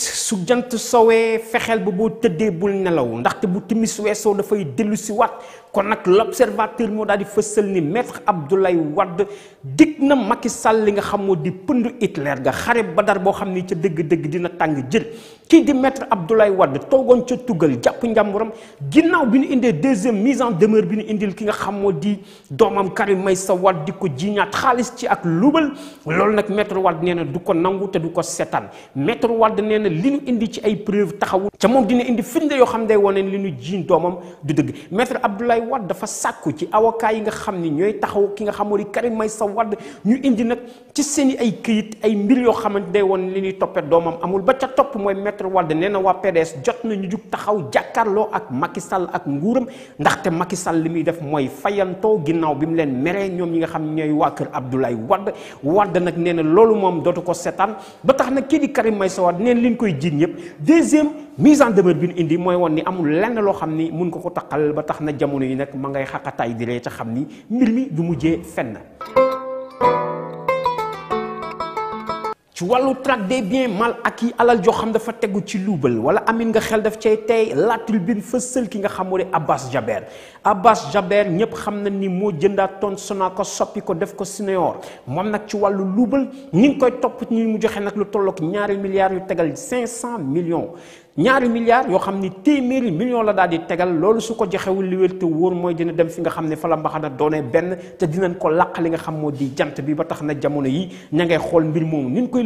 su jant soowee fexeel ba boo tëddee bul nelaw ndaxte bu timis weesoo dafay dellu si waat kon nag l'observateur moo daal di fësal ni maître Abdoulaye Wade dig na Macky Sall li nga xam moo di pënd Hitler ga xare Badar boo xam ni ca dëgg-dëgg dina tàng jël kii di maître Abdoulaye Wade toogoon ca Tugal jàpp njàmburam ginnaaw bi ñu indee deuxième mise en demeure bi nu indil ki nga xam moo di doomam Karim Meïssa Wade di ko jiñaat xaalis ci ak lubal loolu nag maître Wade nee du ko nangu te du ko seetaan li ñu indi ci ay preuve taxawu ca moom dina indi firnde yoo xam ne day wane li ñu jiin doomam du dëgg maître Abdoulaye Wade dafa sàkku ci avocat yi nga xam ni ñooy taxaw ki nga xamoo di Karim Meïssa Wade ñu indi nag ci seen i ay këyit ay mbir yoo xamante day wane li ñuy toppee doomam amul ba ca topp mooy maître Wade nee na waa PDS jot na ñu jug taxaw jàkkarloo ak Macky Sall ak nguuram ndaxte Macky Sall li muy def mooy fayantoo ginnaaw bi mu leen meree ñoom ñi nga xam ñooy waa kër Abdoulaye Wade Wade nag nee na loolu moom dootu ko seetaan koy jiiñ yëpp deuxième mise en demeure bi ñu indi mooy woon ni amul lenn loo xam ni mun ko ko taqal ba tax na jamono yi nag ma ngay xaqataay di ree ca xam ni mbir mi du mujjee fenn. ci wàllu traque des biens mal acquis alal joo xam dafa tegu ci luubal wala amin nga xel def cee tey la tribune fësal ki nga xam moo di Abbas Jaber Abbas Jaber ñëpp xam na ni ton sona ko soppi ko def ko senior mom nak ci walu luubal ñi ngi koy top ñi mu joxe Nous, lu tollok ñaari milliards yu 500 millions ñaari milliards yo xam ni téeméeri millions la daal di tegal loolu su ko joxewul li wér te wóor mooy dina dem fi nga xam ne fa la mbaxana benn te dinañ ko làq li nga xam moo di jant bi ba tax na jamono yi ña ngay xool mbir moomu ni koy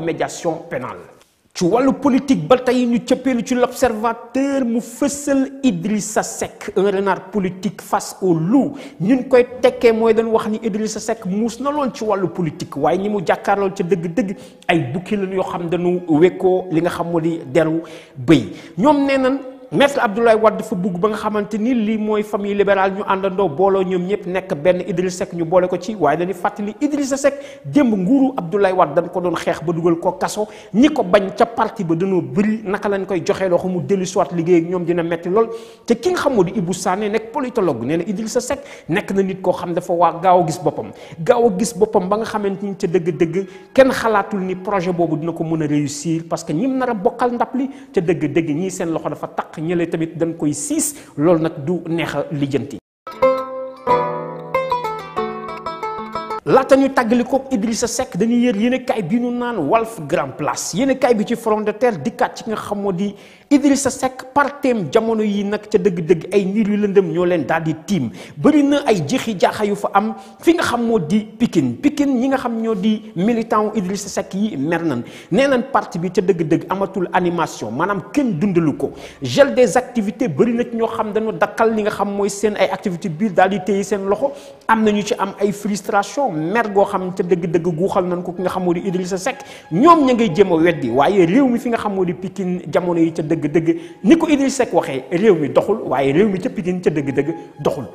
médiation pénale ci wàllu politique ba tey ñu cëppeelu ci l'observateur mu fësal Idrissa Seck un renard politique face au loup ñun koy Teké moy dañ wax ni Idrissa Seck muus na loon ci wàllu politique waaye ñi mu jàkkaarloon ci dëgg-dëgg ay bukki lañ xam dañu wekkoo li nga xam mo di deru bëy ñom nenañ maître Abdoulaye Wade dafa bugg ba nga xamante ni lii mooy famille libérale ñu àndandoo booloo ñoom ñëpp nekk benn Idrissa Seck ñu boole ko ci waaye dañuy fàttali Idrissa Seck démb nguuru Abdoulaye Wade dañ ko doon xeex ba dugal ko kaso ñi ko bañ ca parti ba dañoo bëri naka lañ koy joxee loxo mu dellu soit liggéey ak ñoom dina metti lool te ki nga xamoo di Ibou Sané nekk politologue nee na Idrissa Seck nit koo xam dafa waa gaaw a gis boppam gaaw a gis boppam ba nga xamante ni ca dëgg-dëgg kenn xalaatul ni projet boobu dina ko mën a réussir parce que ñim nar a bokkal ndap li ca dëgg-dëgg ñii seen loxo dafa taq àq ñële tamit dañ koy siis loolu nag du neex a lijjanti. laata ñu tàggalikook Idrissa sa dañuy yër yéen a kaay bi ñu naan Walf Grand Place yéen a kaay bi ci front de terre dikkaat ci nga xam moo di Idrissa Seck parteem jamono yi nag ca dëgg-dëgg ay niir yu lëndëm ñoo leen daal di tiim bëri na ay jeexi jaaxa yu fa am fi nga xam moo di pikin pikin ñi nga xam ñoo di militant wu Idrissa Seck yi mer nan nee nañ parti bi ca dëgg-dëgg amatul animation maanaam kenn dundalu ko gel des activités bëri na ci ñoo xam dañoo dakkal li nga xam mooy seen ay activité biir daal di téye seen loxo am nañu ci am ay frustration mer goo xam ca dëgg-dëgg guuxal nañ ko ki nga xam moo di Idrissa Seck ñoom ña ngay jéem a weddi waaye réew mi fi nga yi ca nga dëgg ni ko Idriss Seck waxee réew mi doxul waaye réew mi ca Pikine ca dëgg-dëgg doxul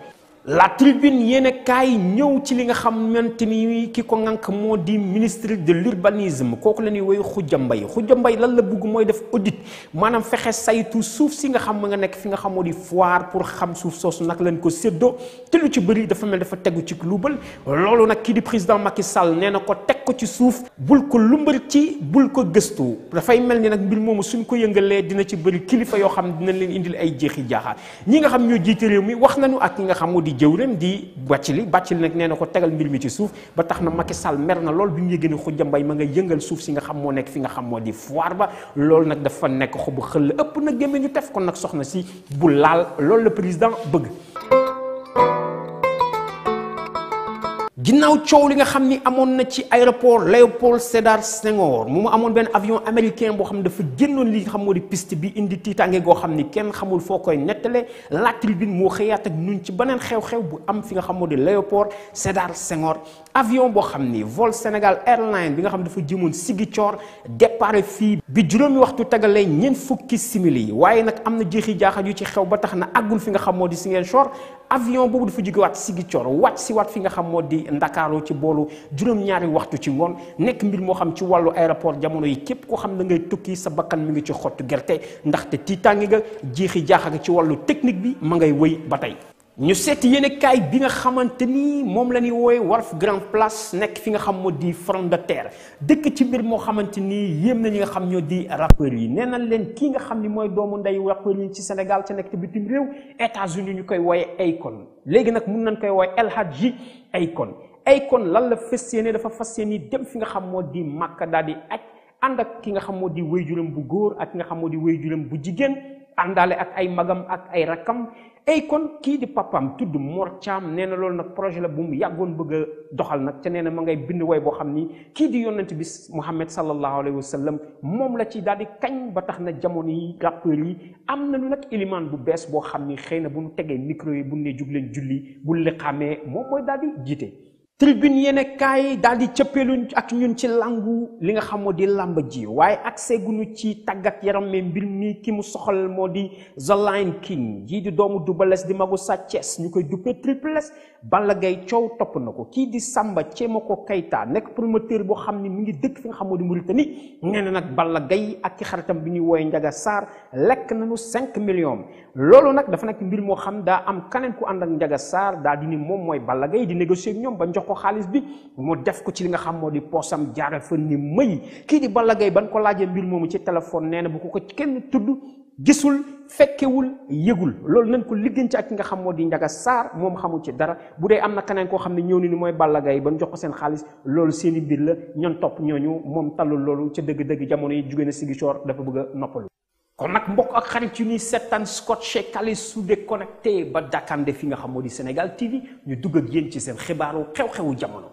la tribune yéene kaay ñëw ci li nga xamante ni ki ko ŋànk moo di ministre de l'urbanisme kooku la ñuy woy Khoudia Mbaye Khoudia Mbaye lan la bëgg mooy def audit maanaam fexe saytu suuf si nga xam nga nekk fi nga xamoo di foire pour xam suuf soosu nag lañ ko séddoo te lu ci bëri dafa mel dafa tegu ci luubal loolu nag kii di président Macky sal nee na ko teg ko ci suuf bul ko lumbar ci bul ko gëstu dafay mel ni nag mbir moomu suñ ko yëngalee dina ci bëri kilifa yoo xam dinañ leen indil ay jeexi jaaxaar ñi di jëwriñ di Bathily Bathily nag nee na ko tegal mbir mi ci suuf ba tax na ma Macky Sall mer na lool bi mu yëgee ne Khoudia Mbaye ma nga yëngal suuf si nga xam moo nekk fi nga xam moo di foire ba loolu nag dafa nekk xobu xëll ëpp na gémme ñu tef ko nag soxna si bu laal loolu la président bëgg ginnaaw coow li nga xam ni amoon na ci aéroport Léopold cedar Senghor mu mu amoon benn avion américain boo xam ne dafa génnoon li nga xam di piste bi indi goo xam ni kenn xamul foo koy nettale La Tribune moo xëyaat ak nun ci beneen xew bu am fi nga xam moo di Léopold Sédar Senghor avion boo xam ni vol Sénégal Airlines bi nga xam dafa jëmoon Ziguinchor départ fii bi juróomi waxtu tagalee ñeent fukki simili yi waaye nag am na jeexi jaaxal yu ci xew ba tax na àggul fi nga xam moo di Ziguinchor avion boobu dafa jóge waat si Ziguinchor wàcc si waat fi nga xam moo di Ndakaaru ci boolu juróom-ñaari waxtu ci ngoon nekk mbir moo xam ci wàllu aéroport jamono yi képp koo xam da ngay tukki sa bakkan mu ngi ci xottu gerte ndaxte tiitaange ga jeexi jaaxa ci wàllu technique bi ma ngay wëy ba tey ñu seeti yéene kaay bi nga xamante ni moom la ñuy woowe Walf Grand Place nekk fi nga xam moo di front de terre dëkk ci mbir moo xamante ni yéem na ñi nga xam ñoo di rappeurs yi nee na leen kii nga xam ni mooy doomu ndeyu rappeurs yi ci Sénégal ca nekk bitim réew États-Unis ñu koy wooye Akon léegi nag mun nañ koy wooye El Hadji Akon Akon lan la fas yéene dafa fas yéene dem fi nga xam moo di Makka daal di ak ànd ak ki nga xam moo di wéy juram bu góor ak ki nga xam moo di wéy juram bu jigéen àndaale ak ay magam ak ay rakkam ay kon kii di papam tudd Mor Thiam nee na loolu nag projet la bu mu yàggoon bëgg doxal nag te nee na ma ngay bind way boo xam ni kii di yonent bi Mouhamed sallallahu alayhi wa sallam moom la ci daal di kañ ba tax na jamono yi rappeurs yi am nañu nag ilimaan bu bees boo xam ni xëy na bu mu tegee micro yi bu ne jug leen julli bu liqaamee moom mooy daal di jiite. tribune yene kay dal di cëppelu ak ñun ci langu li nga xam di lamb ji waaye accès guñu ci tàggat yaram me mbir mi ki mu soxal moo di the lion king ji di doomu dubales di magu ches ñu koy triples balla gay ciow topp na ko kii di samba ceema ko kayta nekk promoteur bo xam ni mi ngi dëkk fi nga xam di muritani nee na nag balla gay ak ki xaritam bi ñuy wooye njaga saar lekk nañu 5 millions loolu nag dafa nekk mbir moo xam daa am kanen ku ànd ak njaga saar daa di ni moom mooy balla gay di négocier ñoom ba njox ko xaalis bi mu def ko ci li nga xam moo di poosam jaaral fa ni may kii di Balla ba ban ko laajee mbir moomu ci téléphone nee na bu ko ko kenn tudd gisul fekkewul yëgul loolu nañ ko liggéen ci ak ki nga xam moo di Ndiaga Sarr moom xamul ci dara bu dee am na keneen koo xam ne ñëw ni ni mooy Balla Gaye ba ñu jox ko seen xaalis loolu seeni i mbir la ñoon topp ñooñu moom tallul loolu ca dëgg-dëgg jamono yi jugee na Ziguinchor dafa bëgg a noppalu kon nag mbokk ak xarit yu setan scott chez kali su déconnecté ba de fi nga xam senegal tv ñu dugg ak yeen ci seen xibaaru xew-xewu jamono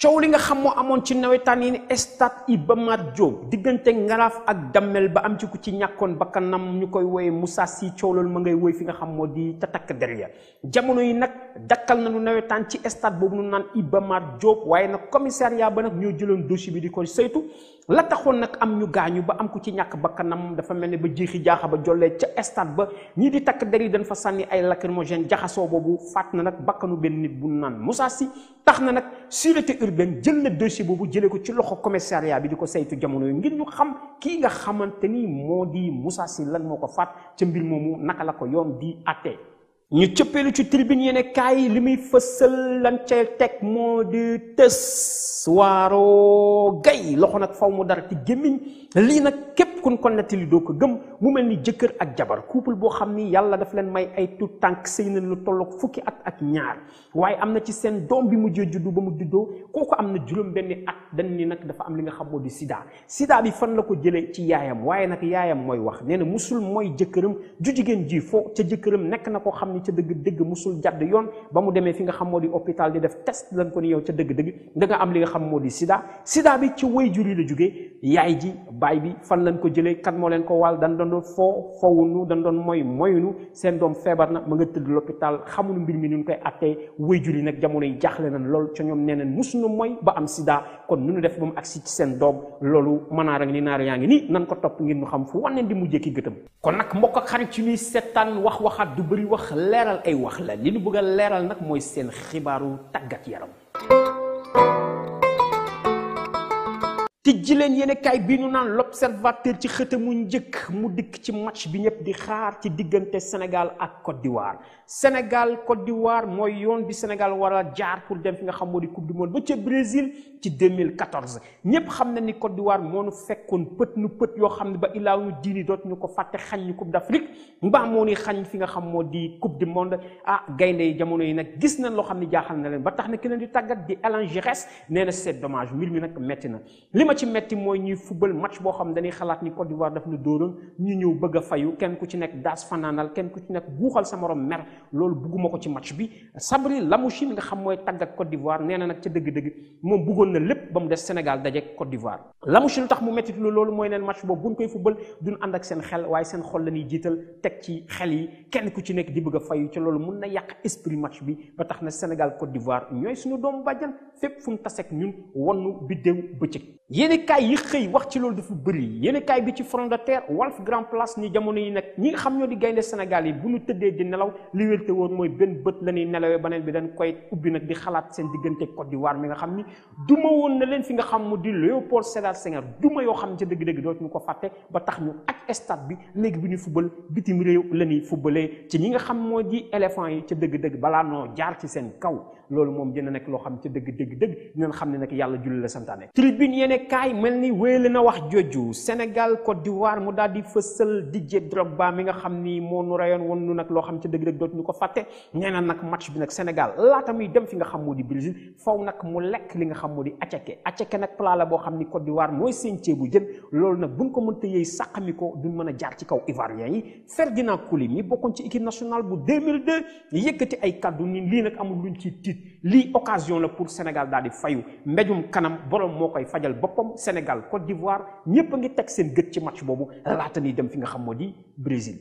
ciow li nga xam mo amon ci nawetan yi estat stade Iba Mar job diggante ngaraf ak damel ba am ci ku ci ñakkon bakkanam ñu koy woye Moussa Si ciowlol ma ngay woy fi nga xam mo di ta tak ya jamono yi dakal dakkal lu nawetan ci estat bobu nu naan Iba Mar Diop waaye nag commissariat ba nak ñoo jëlon dossier bi di ko seytu la taxoon nag am ñu gaañu ba am ku ci ñàkk bakkanam dafa mel ne ba jiixi jaaxa ba jollee ca stade ba ñii di takk der dana fa sànni ay lacrymogène jaxasoo boobu faat na nag bakkanu benn nit bu naan Moussa Sy tax na nag sûreté urbaine jël na dossier boobu jëlee ko ci loxo commissariat bi di ko seytu jamono yi ngir ñu xam kii nga xamante ni moo di Moussa Sy lan moo ko faat ca mbir moomu naka la ko yoon di àttee ñu cëppeelu ci tribune yene kaay li muy fësal lan ca teg moo di tës waaroo gay loxo nag faw mu dara ci gémmiñ lii nag képp kun ko nettali doo ko gëm mu mel ni jëkkër ak jabar couple boo xam ni yàlla daf leen may ay tout tànk sëy na lu tolloog fukki at ak ñaar waaye am na ci seen doom bi mu mujjee juddu ba mu juddoo kooku am na juróom benni at dañ ni nag dafa am li nga xam moo di sida sida bi fan la ko jëlee ci yaayam waaye nag yaayam mooy wax nee na musul mooy jëkkëram ju jigéen ji foo ca jëkkëram nekk na koo xam ni ca dëgg-dëgg musul jadd yoon ba mu demee fi nga xam moo di hôpital di def test lañ ko ni yow ca dëgg-dëgg da am li nga xam moo di sida bi ci way jur la jugee yaay ji baay bi fan lañ ko jëlee kan moo leen ko wàll dan doon foo fowunu dan doon mooy moy nu seen doom feebar na ma nga tëdd l'hôpital xamuñu mbir mi nu ñu koy attee waajur yi nag jamono yi jaaxle nañ lool ca ñoom nee nañ musuñu ba am sida kon nu ñu def ba mu agsi ci seen doom loolu manaara ngi ni naar yaa ngi ni nan ko topp ngir ñu xam fu wanneen di mujjee ki gëtëm kon nag mbokk ak xarit ci ñuy seetaan wax waxaat du bari wax leeral ay wax la li ñu bëgg leeral nag mooy seen xibaaru tàggat yaram tijji leen yéen kay bi ñu naan l'observateur ci xëta mu njëkk mu dikk ci match bi ñëpp di xaar ci diggante Sénégal ak Côte d'Ivoire Sénégal Côte d'Ivoire mooy yoon bi Sénégal war a jaar pour dem fi nga xam moo di coupe du monde ba ca Brésil ci 2014 ñëpp xam na ni Côte d'Ivoire moo nu fekkoon pët nu pët yoo xam ne ba ilaaw ñu diini dot ñu ko fàtte xañ ñu coupe d'Afrique mbaa moo ni xañ fi nga xam moo di coupe du monde ah gaynde yi jamono yi nag gis nañ loo xam ne jaaxal na leen ba tax na keneen di tàggat di Alain Giresse nee na c'est dommage mbir mi nag metti na ci metti moy ñuy football match bo xam dañuy xalaat ni Côte d'Ivoire daf na dóoroon ñu ñëw bëgg a fayu kenn ku ci nekk daas fananal kenn ku ci nekk guuxal sa morom mer loolu bugguma ko ci match bi Sabri Lamouchi nga xam mooy tàggat Côte d'Ivoire nee na nag ca dëgg-dëgg moom buggoon na lépp ba mu des Sénégal daje Côte d'Ivoire Lamouchi lu tax mu metti lu loolu mooy neen match boobu buñ koy football duñ ànd ak seen xel waaye seen xol la ñuy jiital teg ci xel yi kenn ku ci nekk di bëgg a fayu ci loolu mun na yàq esprit match bi ba tax na Sénégal Côte d'Ivoire ñooy suñu doomu bàjjan fépp fu mu taseeg ñun wannu biddéew bëccëg yéenekaay yi xëy wax ci loolu dafa bëri yéenekaay bi ci front de terre Walf Grand Place ni jamono yi nag ñi nga xam ñoo di gaynde Sénégal yi bu ñu tëddee di nelaw li wérte woon mooy benn bët la ñuy nelawee beneen bi dañ koy ubbi nag di xalaat seen diggante di waar mi nga xam ni duma woon na leen fi nga xam mu di Léopold Sédar Senghor duma yoo xam ne ca dëgg-dëgg dootuñu ko fàtte ba tax ñu ak stade bi léegi ñu fubal bitim réew la ñuy fubalee ci ñi nga xam moo di éléphant yi ca dëgg-dëgg balaa noo jaar ci seen kaw loolu moom dina nekk loo xam ca dëgg-dëgg deug deug dinañ xamni nak yalla julli la santane tribune yene kay melni wëlé na wax joju senegal cote d'ivoire mu daldi fessel dj drogba mi nga xamni mo nu rayon won nu nak lo xam ci deug deug dot ñu ko faté ñena nak match bi nak senegal lata muy dem fi nga xam modi brésil faw nak mu lek li nga xam modi atiaké atiaké nak plat la bo xamni cote d'ivoire moy seen bu jën lool nak buñ ko mënta yey saxamiko duñ mëna jaar ci kaw ivoirien yi ferdinand kouli mi bokon ci équipe nationale bu 2002 yëkëti ay kaddu ni li nak amul luñ ci tit li occasion la pour senegal Sénégal di fayu kanam borom fajal Sénégal Côte d'Ivoire ñëpp ngi teg seen gët ci match boobu laata ni dem fi nga xam Brésil.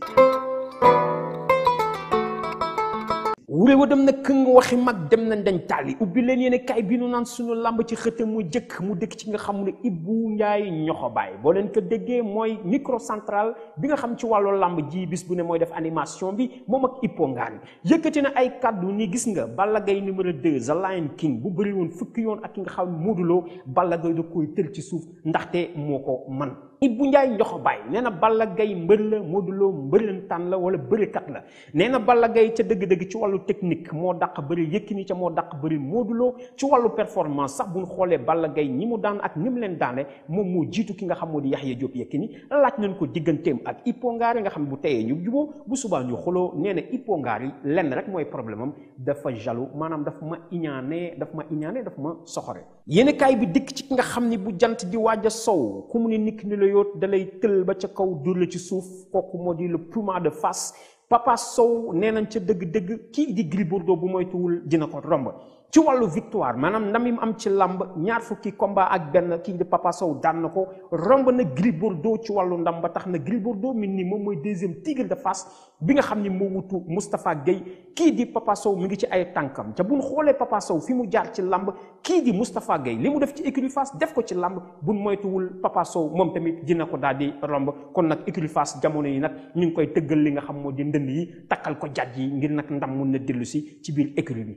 wuré wa dem na këng waxi mag dem nañ dañ tàlli ubbi leen yéen kaay bii nu naan suñu làmb ci xëtam mu jëkk mu dëkk ci nga xam ne Ibou Ndiaye ñoxo baay boo leen ko dëggee mooy microcentral bi nga xam ci wàllu làmb ji bis bu ne mooy def animation bi moom ak Ipo Ngane yëkkati na ay kàddu ni gis nga Balla Gaye numéro 2 The Lion King bu bëri woon fukki yoon ak ki nga xam mu Modou Lo Balla Gaye da koy tël ci suuf ndaxte moo ko man Ibou Ndiaye joxo baay nee na Balla Gaye mbër la Modou Lo mbërëntaan la wala bërikat la nee na Balla Gaye ca dëgg-dëgg ci wàllu technique moo dàq bëri Yékini ca moo dàq bëri Modou Lo ci wàllu performance sax bu ñu xoolee Balla Gaye ñi mu daan ak ni mu leen daane moom moo jiitu ki nga xam moo di Yaxya Diop Yékini laaj nañ ko digganteem ak Ipo Ngari nga xam bu teyee ñu juboo bu subaa ñu xuloo nee na Ipo Ngari lenn rek mooy problème am dafa jaloux maanaam dafa ma iñaane dafa ma iñaane dafa ma soxore yéen kaay bi dikk ci ki nga xam ni bu jant di waaj a sow ku mu ne nikk ni la yóot dalay tël ba ca kaw dur la ci suuf kooku moo di le puma de face Papa Sow nee nañ ca dëgg-dëgg kii di Gris Bordeaux bu moytuwul dina ko romb ci wàllu victoire maanaam ndam yi mu am ci làmb ñaar fukki combat ak benn kii di Papa Sow daan na ko romb na Gris Bordeaux ci wàllu ndam ba tax na Gris Bordeaux mi nii moom mooy deuxième tigre de Fass bi nga xam ni moo wutu Moustapha Guèye kii di Papa Sow mi ngi ci ay tànkam ca bu ñu xoolee Papa Sow fi mu jaar ci làmb kii di Moustapha Guèye li mu def ci écurie def ko ci làmb bu moytuwul Papa moom tamit dina ko daal di romb kon nag écurie jamono yi nag ñu ngi koy tëggal li nga xam moo di yi takkal ko jaj yi ngir nag ndam mun na dellu si ci biir écurie bi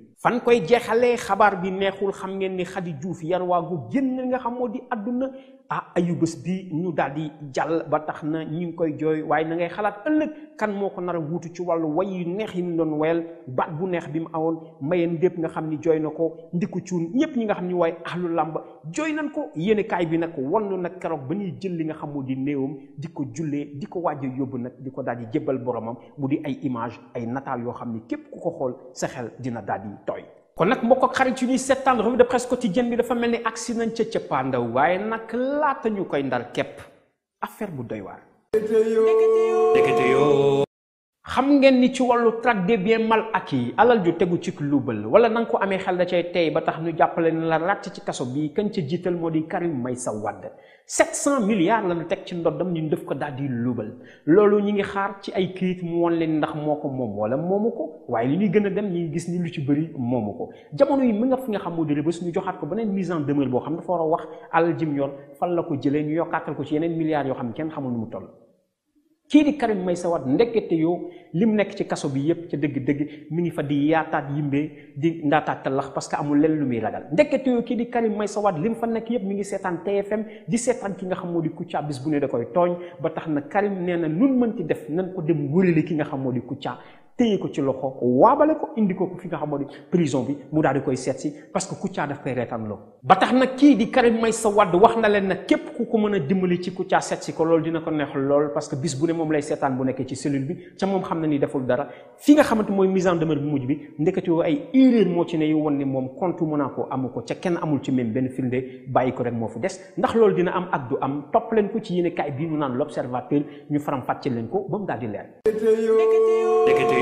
xabaar bi neexul xam ngeen ni Xadi Juuf yar waagu génn nga xam moo di àdduna ah ayubés bi ñu daal di jàll ba tax na ñu ngi koy jooy waaye na ngay xalaat ëllëg kan moo ko nar a wuutu ci wàllu way yu neex yi mu doon wayal baat bu neex bi mu awoon mayeen dépp nga xam ni jooy na ko ndiku cuun ñépp ñi nga xam ni waaye ahlu làmb jooy nañ ko yéene bi nag wan nag keroog ba ñuy jël li nga xam di néewam di ko jullee di ko waaj yóbbu nag di ko daal di jébbal boromam mu di ay image ay nataal yoo xam ni képp ku ko xool sa xel dina daal di tooy kon nag mbokk ak xarit yu ñuy seetaan revue de presse quotidienne bi dafa mel ni agsi nañ ca waaye nag laata ñu koy ndar képp affaire bu doy waar. xam ngeen ni ci wàllu traque des biens mal acquis alal ju tegu ci luubal wala na ko amee xel da cay tey ba tax ñu jàppale ne la ràcc ci kaso bii kañ ca jiital moo di Karim Meïssa Wade 700 milliards la ñu teg ci ndoddam ñu def ko daal di luubal loolu ñu ngi xaar ci ay kayit mu woon leen ndax moo ko moom wala moomu ko waaye li ñuy gën a dem ñi gis ni lu ci bëri moomu ko jamono yi mi nga fi nga xam moo di Rebeuss ñu joxaat ko beneen mise en demeure boo xam dafa war a wax jëlee ñu ko ci yeneen milliards yoo xam ne kenn xamul nu kii di Karim Meïssa Wade ndekete yoo lim nekk ci kaso bi yépp ca dëgg-dëgg mi ngi fa di yaataat yimbee di ndaataat talax parce que amul lenn lu muy ragal ndekete yoo kii di Karim Meïssa Wade lim fa nekk yépp mu ngi seetaan TFM di seetaan ki nga xam di Kouthia bis bu ne da koy tooñ ba tax na Karim nee na nun mënti def nan ko dem wërale ki nga xam moo di Kouthia téye ko ci loxo waabale ko indi ko fi nga xamoon ni prison bi mu daal koy seet parce que Kouthia daf koy reetaan loo ba tax nag kii di Karim Meïssa Wade wax na leen nag képp ku ko mën a dimbali ci Kouthia seet si ko loolu dina ko neex lool parce que bis bu ne bi ca moom xam na ni deful dara fi nga xamante mooy mise en bi mujj bi ndekete yoo ay erreur moo ci ne yu woon ni moom compte Monaco amu ko ca kenn amul ci même benn firnde bàyyi ko rek moo fi des ndax loolu dina am ak du am topp leen ko ci yéene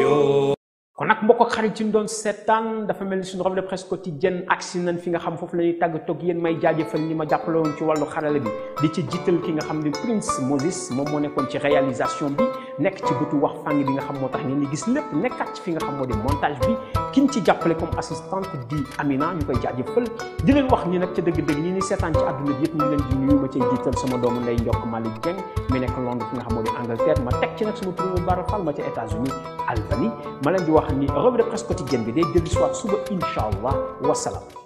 Savior. kon nak mbokk xarit ci ndon setan dafa melni sun suñu revue de presse quotidienne agsi nañ fi nga xam fofu lañuy tag tok yeen may jaajëfal ni ma won ci walu xarala bi di ci jiital ki nga xam ni prince moses mom mo nekkon ci réalisation bi nek ci bëtu wax fang bi nga xam motax tax ngeen di gis lepp nekkaat ci fi nga xam modi montage bi kiñ ci jappalé comme assistante di amina ñu koy jaajëfal di leen wax ni nak ci deug setan ñi ni setan ci aduna bi yépp ñu leen di nuyu ma ci sama doomu ndey ndok malik jeng mi nekk londres fi nga xam modi angleterre ma tek ci nak sama premier barafal ma ci états-unis albanie ma leen di wax wax ni revue de presse quotidienne bi day dellu si waat suba incha allah wasalaam.